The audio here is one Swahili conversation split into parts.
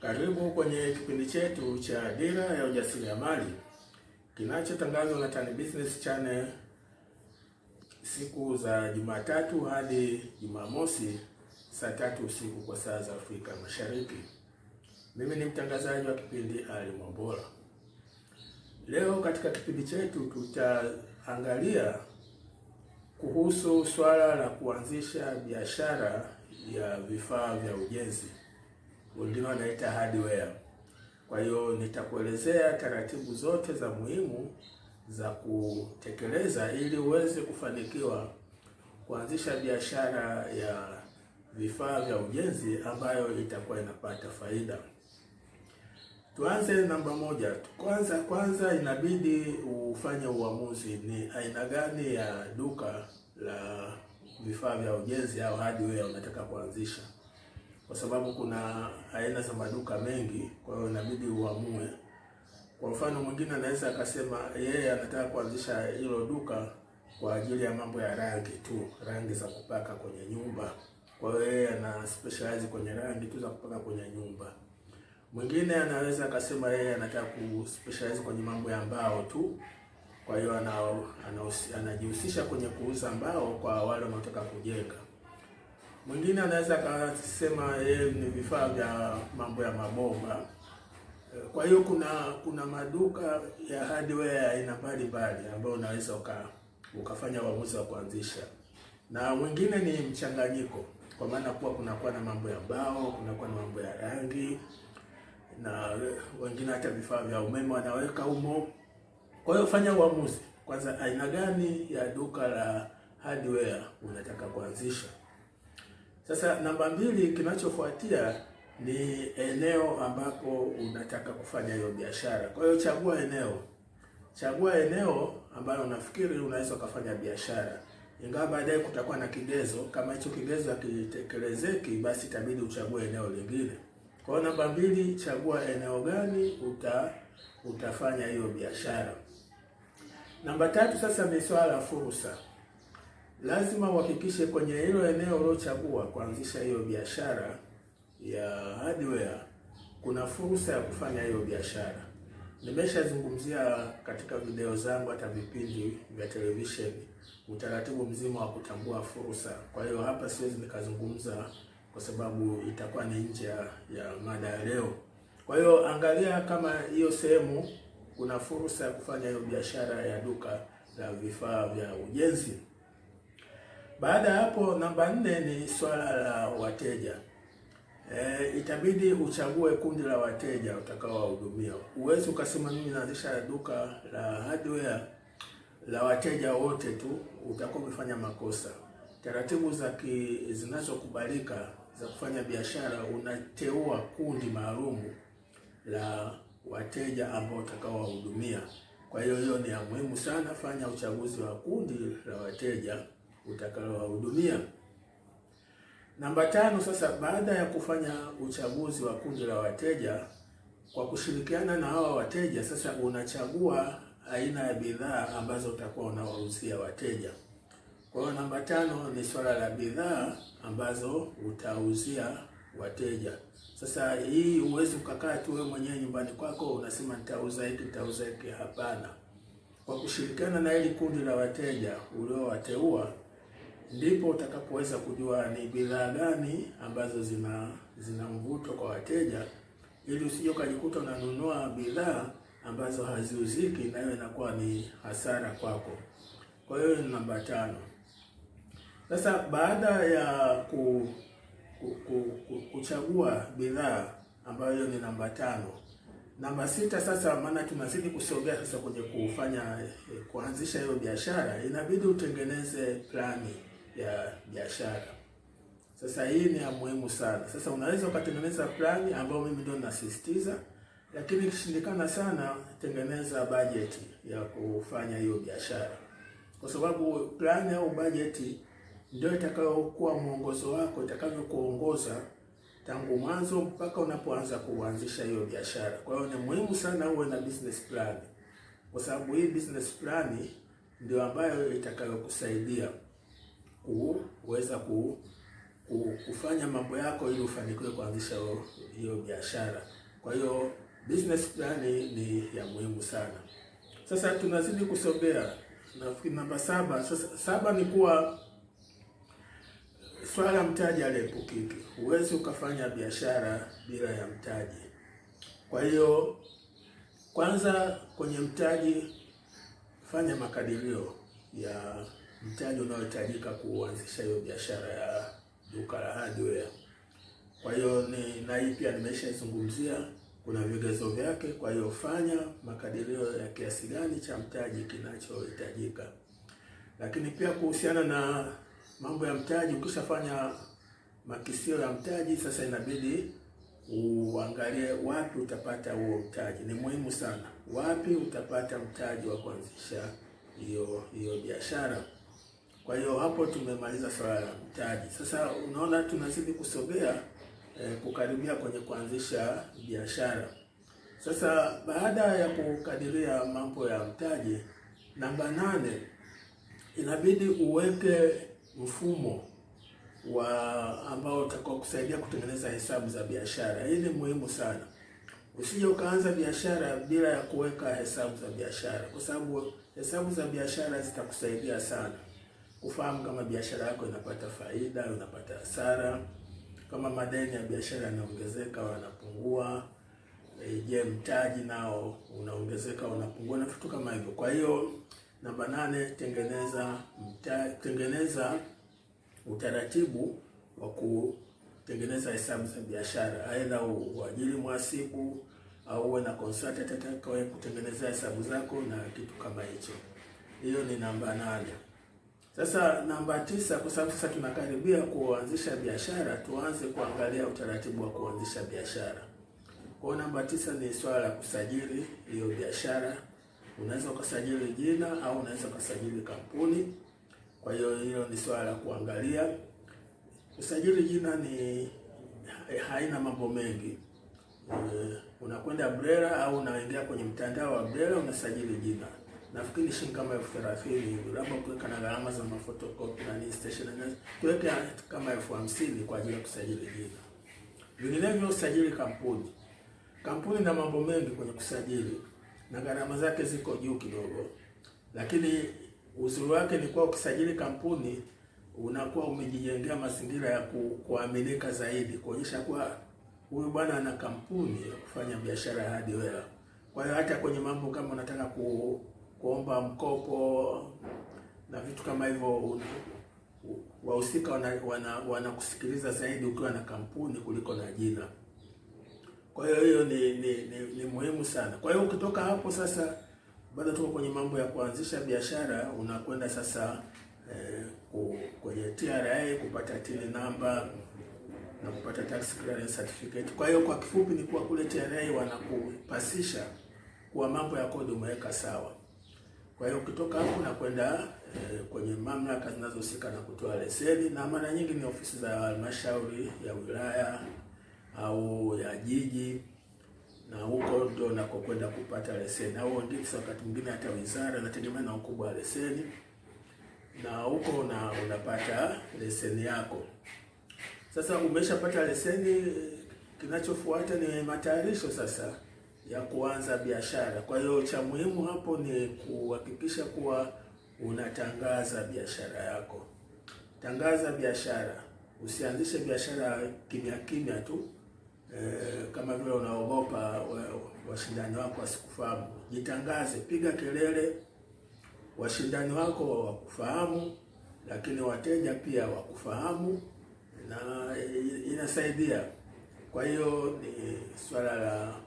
Karibu kwenye kipindi chetu cha Dira ya Ujasiriamali kinachotangazwa na Tan Business Channel siku za Jumatatu hadi Jumamosi saa tatu usiku kwa saa za Afrika Mashariki. Mimi ni mtangazaji wa kipindi Ali Mwambola. Leo katika kipindi chetu tutaangalia kuhusu swala la kuanzisha biashara ya vifaa vya ujenzi wengine wanaita hardware. Kwa hiyo nitakuelezea taratibu zote za muhimu za kutekeleza ili uweze kufanikiwa kuanzisha biashara ya vifaa vya ujenzi ambayo itakuwa inapata faida. Tuanze namba moja. Kwanza kwanza inabidi ufanye uamuzi ni aina gani ya duka la vifaa vya ujenzi au hardware unataka kuanzisha kwa sababu kuna aina za maduka mengi, kwa hiyo inabidi uamue. Kwa mfano mwingine anaweza akasema yeye anataka kuanzisha hilo duka kwa ajili ya mambo ya rangi tu, rangi za kupaka kwenye nyumba. Kwa hiyo yeye ana specialize kwenye rangi tu za kupaka kwenye nyumba. Mwingine anaweza akasema yeye anataka ku specialize kwenye mambo ya mbao tu, kwa hiyo anajihusisha kwenye kuuza mbao kwa wale wanaotaka kujenga. Mwingine anaweza akasema yeye eh, ni vifaa vya mambo ya mabomba. Kwa hiyo kuna kuna maduka ya hardware ya aina mbalimbali ambayo unaweza uka, ukafanya uamuzi wa kuanzisha, na mwingine ni mchanganyiko, kwa maana kuwa kunakuwa na mambo ya mbao, kunakuwa na mambo ya rangi na wengine hata vifaa vya umeme wanaweka humo. Kwa hiyo fanya uamuzi kwanza, aina gani ya duka la hardware unataka kuanzisha. Sasa namba mbili, kinachofuatia ni eneo ambapo unataka kufanya hiyo biashara. Kwa hiyo chagua eneo, chagua eneo ambalo unafikiri unaweza ukafanya biashara, ingawa baadaye kutakuwa na kigezo. Kama hicho kigezo hakitekelezeki, basi itabidi uchague eneo lingine. Kwa hiyo namba mbili, chagua eneo gani uta utafanya hiyo biashara. Namba tatu sasa ni swala la fursa lazima uhakikishe kwenye hilo eneo uliochagua kuanzisha hiyo biashara ya hardware kuna fursa ya kufanya hiyo biashara. Nimeshazungumzia katika video zangu hata vipindi vya televisheni utaratibu mzima wa kutambua fursa. Kwa hiyo hapa siwezi nikazungumza kwa sababu itakuwa ni nje ya mada ya leo. Kwa hiyo angalia kama hiyo sehemu kuna fursa ya kufanya hiyo biashara ya duka la vifaa vya ujenzi. Baada ya hapo, namba nne ni swala la wateja. E, itabidi uchague kundi la wateja utakaowahudumia. Huwezi ukasema mimi naanzisha duka la hardware la wateja wote tu, utakuwa umefanya makosa. Taratibu za zinazokubalika za kufanya biashara, unateua kundi maalum la wateja ambao utakaowahudumia. Kwa hiyo hiyo ni ya muhimu sana, fanya uchaguzi wa kundi la wateja utakalowahudumia. Namba tano, sasa baada ya kufanya uchaguzi wa kundi la wateja kwa kushirikiana na hawa wateja, sasa unachagua aina ya bidhaa ambazo utakuwa unawauzia wateja. Kwa hiyo namba tano ni swala la bidhaa ambazo utauzia wateja. Sasa hii huwezi ukakaa tu wewe mwenyewe nyumbani kwako unasema nitauza hiki nitauza hiki, hapana. Kwa kushirikiana na hili kundi la wateja uliowateua ndipo utakapoweza kujua ni bidhaa gani ambazo zina zina mvuto kwa wateja, ili usije ukajikuta unanunua bidhaa ambazo haziuziki, nayo inakuwa ni hasara kwako. Kwa hiyo ni namba tano. Sasa baada ya ku, ku, ku, ku, kuchagua bidhaa ambayo ni namba tano, namba sita sasa, maana tunazidi kusogea sasa kwenye kufanya eh, kuanzisha hiyo biashara, inabidi utengeneze plani ya biashara. Sasa hii ni ya muhimu sana. Sasa unaweza ukatengeneza plani ambayo mimi ndio ninasisitiza, lakini ikishindikana sana, tengeneza budget ya kufanya hiyo biashara, kwa sababu plani au budget ndio itakayokuwa mwongozo wako, itakavyokuongoza tangu mwanzo mpaka unapoanza kuanzisha hiyo biashara. Kwa hiyo ni muhimu sana uwe na business plan, kwa sababu hii business plan ndio ambayo itakayokusaidia kuweza ku, ku, kufanya mambo yako ili ufanikiwe kuanzisha hiyo biashara. Kwa hiyo business plan ni ya muhimu sana. Sasa tunazidi kusogea, nafikiri namba saba. Sasa saba ni kuwa swala mtaji aliepukiki. Huwezi ukafanya biashara bila ya mtaji. Kwa hiyo kwanza, kwenye mtaji fanya makadirio ya mtaji unaohitajika kuanzisha hiyo biashara ya duka la hardware. Kwa hiyo ni na hii pia nimeshaizungumzia, kuna vigezo vyake. Kwa hiyo fanya makadirio ya kiasi gani cha mtaji kinachohitajika. Lakini pia kuhusiana na mambo ya mtaji, ukishafanya makisio ya mtaji, sasa inabidi uangalie wapi utapata huo mtaji. Ni muhimu sana, wapi utapata mtaji wa kuanzisha hiyo hiyo biashara. Kwa hiyo hapo tumemaliza swala la mtaji. Sasa unaona tunazidi kusogea eh, kukaribia kwenye kuanzisha biashara. Sasa baada ya kukadiria mambo ya mtaji, namba nane inabidi uweke mfumo wa ambao utakao kusaidia kutengeneza hesabu za biashara. Hii ni muhimu sana. Usije ukaanza biashara bila ya kuweka hesabu za biashara, kwa sababu hesabu za biashara zitakusaidia sana kufahamu kama biashara yako inapata faida, unapata hasara, kama madeni ya biashara yanaongezeka, wanapungua eh, Je, mtaji nao unaongezeka unapungua, na vitu kama hivyo. Kwa hiyo namba nane, tengeneza mta, tengeneza utaratibu wa kutengeneza hesabu za biashara, aidha uajiri mhasibu au uwe na consultant atakaye kutengeneza hesabu zako na kitu kama hicho. Hiyo ni namba nane. Sasa namba tisa, kwa sababu sasa tunakaribia kuanzisha biashara, tuanze kuangalia utaratibu wa kuanzisha biashara. Kwa namba tisa ni swala la kusajili hiyo biashara. Unaweza ukasajili jina au unaweza ukasajili kampuni. Kwa hiyo hilo ni swala la kuangalia. Usajili jina ni haina mambo mengi. Unakwenda BRELA au unaingia kwenye mtandao wa BRELA unasajili jina nafikiri shilingi kama elfu thelathini hivi, labda kuweka na gharama za mafotokopi na nini stationery, kuweka kama elfu hamsini kwa ajili ya kusajili jina. Vinginevyo usajili kampuni, kampuni na mambo mengi kwenye kusajili na gharama zake ziko juu kidogo, lakini uzuri wake ni kuwa ukisajili kampuni unakuwa umejijengea mazingira ya ku, kuaminika zaidi, kuonyesha kuwa huyu bwana ana kampuni ya kufanya biashara ya hardware. Kwa hiyo hata kwenye mambo kama unataka ku kuomba mkopo na vitu kama hivyo, wahusika wanakusikiliza wana, wana zaidi ukiwa na kampuni kuliko na jina. Kwa hiyo hiyo ni ni, ni ni muhimu sana. Kwa hiyo ukitoka hapo sasa, bado tuko kwenye mambo ya kuanzisha biashara, unakwenda sasa eh, kwenye TRA kupata TIN namba na kupata tax clearance certificate. Kwa hiyo kwa kifupi ni kuwa kule TRA wanakupasisha kuwa mambo kodi umeweka sawa. Kwa hiyo ukitoka hapo na kwenda eh, kwenye mamlaka zinazohusika na kutoa leseni, na mara nyingi ni ofisi za halmashauri ya wilaya au ya jiji, na huko ndio nakokwenda kupata leseni, au wengine wakati mwingine hata wizara, inategemea na ukubwa wa leseni, na huko una, unapata leseni yako. Sasa umeshapata leseni, kinachofuata ni matayarisho sasa ya kuanza biashara. Kwa hiyo cha muhimu hapo ni kuhakikisha kuwa unatangaza biashara yako. Tangaza biashara, usianzishe biashara kimya kimya tu e, kama vile unaogopa eh, washindani wako wasikufahamu. Jitangaze, piga kelele, washindani wako wakufahamu, lakini wateja pia wakufahamu na inasaidia. Kwa hiyo ni swala la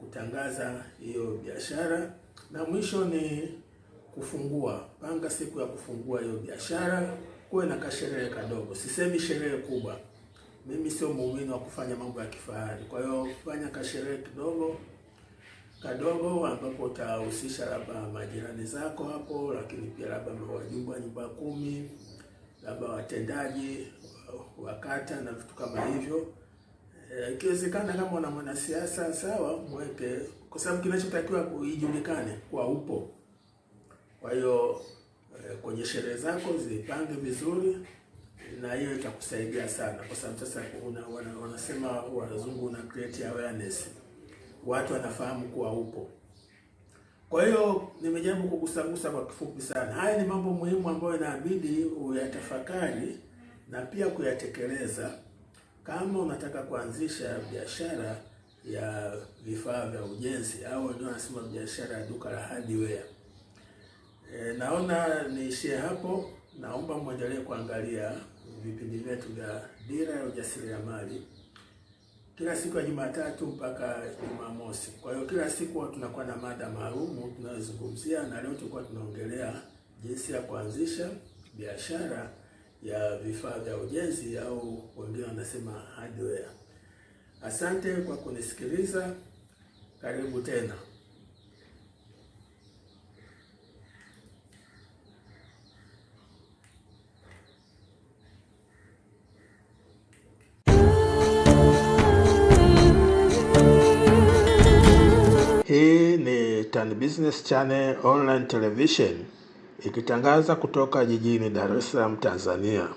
kutangaza hiyo biashara, na mwisho ni kufungua. Panga siku ya kufungua hiyo biashara, kuwe na kasherehe kadogo. Sisemi sherehe kubwa, mimi sio muumini wa kufanya mambo ya kifahari. Kwa hiyo fanya kasherehe kidogo kadogo ambapo utahusisha labda majirani zako hapo, lakini pia labda wajumbe wa nyumba kumi, labda watendaji wakata na vitu kama hivyo. Eh, ikiwezekana kama una mwanasiasa sawa, mweke, kwa sababu kinachotakiwa kuijulikane kwa upo. Kwa hiyo eh, kwenye sherehe zako zipange vizuri, na hiyo itakusaidia sana, kwa sababu sasa wanasema wazungu una create awareness, watu wanafahamu kuwa upo. Kwa hiyo nimejaribu kukusagusa kwa kifupi sana. Haya ni mambo muhimu ambayo inabidi uyatafakari na pia kuyatekeleza. Kama unataka kuanzisha biashara ya vifaa vya ujenzi au wengine wanasema biashara ya duka la hardware. E, naona niishie hapo. Naomba mwendelee kuangalia vipindi vyetu vya Dira ya Ujasiriamali kila siku ya Jumatatu mpaka Jumamosi. Kwa hiyo kila siku tunakuwa na mada maalumu tunayozungumzia, na leo tulikuwa tunaongelea jinsi ya kuanzisha biashara ya vifaa vya ujenzi au wengine wanasema hardware. Asante kwa kunisikiliza. Karibu tena. Hii ni Tan Business Channel Online Television ikitangaza kutoka jijini Dar es Salaam, Tanzania.